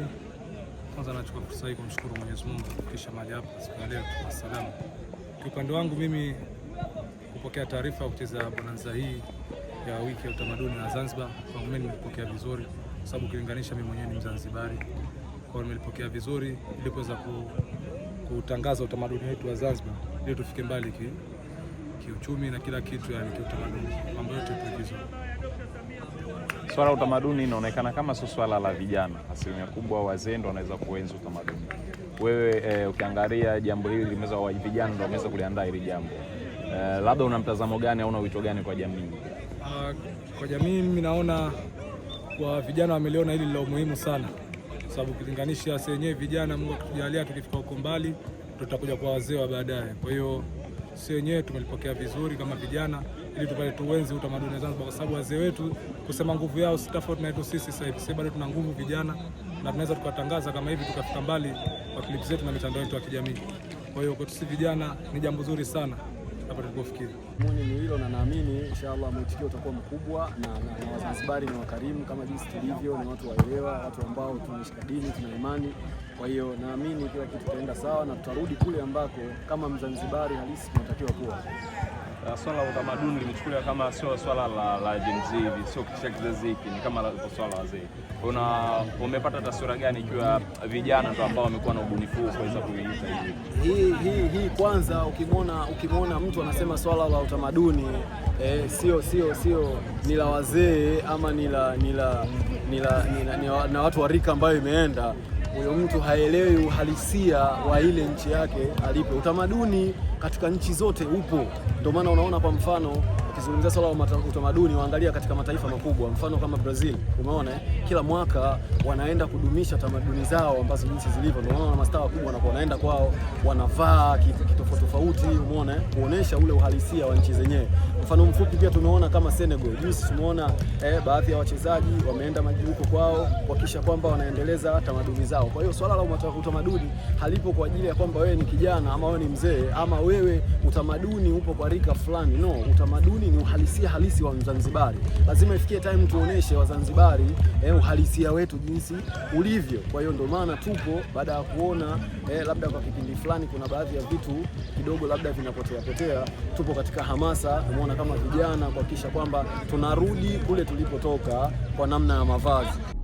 maji. Kwanza nachukua fursa hii kumshukuru Mwenyezi Mungu kufikisha mali hapa siku ya leo kwa salama. Kwa upande wangu mimi kupokea taarifa ya kucheza bonanza hii ya wiki ya utamaduni na Zanzibar, kwa mimi nimepokea vizuri, kwa sababu ukilinganisha mimi mwenyewe ni Mzanzibari, kwa hiyo nimelipokea vizuri ili kuweza kutangaza utamaduni wetu wa Zanzibar ili tufike mbali ki kiuchumi na kila kitu, yani kiutamaduni, mambo yote yapo Swala utamaduni inaonekana kama sio swala la vijana, asilimia kubwa wazee ndio wanaweza kuenzi utamaduni. Wewe eh, ukiangalia jambo hili limeweza wa vijana ndio wameweza kuliandaa hili jambo eh, labda una mtazamo gani au una wito gani kwa jamii? Uh, kwa jamii mimi naona kwa vijana wameliona hili la umuhimu sana, kwa sababu ukilinganisha sasa wenyewe vijana, Mungu akitujalia tukifika huko mbali tutakuja kwa wazee wa baadaye, kwa hiyo sisi wenyewe tumelipokea vizuri kama vijana, ili tupate tuenzi utamaduni wa Zanzibar, kwa sababu wazee wetu kusema nguvu yao si tofauti na yetu sisi. Sasa hivi sisi bado tuna nguvu vijana, na tunaweza tukatangaza kama hivi tukafika mbali kwa klipu zetu na mitandao yetu ya kijamii. Kwa hiyo kwetu sisi vijana ni jambo zuri sana hapa tulipofikiri. Muni ni hilo na naamini inshallah mwitikio utakuwa mkubwa na, na, na Wazanzibari ni wakarimu kama jinsi tulivyo, ni watu waelewa, watu ambao tunashika dini, tuna imani. Kwa hiyo naamini kila kitu kitaenda sawa na tutarudi kule ambako kama Mzanzibari halisi tunatakiwa kuwa uh, swala la utamaduni limechukuliwa kama sio swala la, la Gen Z hivi, sio kisha kizazi hiki, ni kama swala la wazee. Una umepata taswira gani ikiwa vijana ndio ambao wamekuwa na ubunifu kuweza kuiita hii hii hii? Kwanza ukimwona ukimwona mtu anasema swala la utamaduni eh, sio sio sio ni la wazee ama ni la ni la ni la na watu wa rika ambayo imeenda huyo mtu haelewi uhalisia wa ile nchi yake alipo. Utamaduni katika nchi zote upo, ndio maana unaona kwa mfano ukizungumzia swala la utamaduni waangalia katika mataifa makubwa, mfano kama Brazil, umeona kila mwaka wanaenda kudumisha tamaduni zao ambazo jinsi zilivyo. Ndio maana mastaa wakubwa wanakuwa wanaenda kwao, wanavaa kitofauti tofauti, umeona kuonesha ule uhalisia wa nchi zenyewe. Mfano mfupi pia tumeona kama Senegal juzi, tumeona eh, baadhi ya wachezaji wameenda maji huko kwao kuhakikisha kwamba wanaendeleza tamaduni zao. Kwa hiyo swala la utamaduni halipo kwa ajili ya kwamba wewe ni kijana ama wewe ni mzee ama wewe utamaduni upo kwa rika fulani, no utamaduni hili ni uhalisia halisi wa Mzanzibari. Lazima ifikie time tuoneshe Wazanzibari eh, uhalisia wetu jinsi ulivyo. Kwa hiyo ndio maana tupo baada ya kuona eh, labda kwa kipindi fulani kuna baadhi ya vitu kidogo labda vinapotea potea, tupo katika hamasa, umeona kama vijana kuhakikisha kwamba tunarudi kule tulipotoka kwa namna ya mavazi.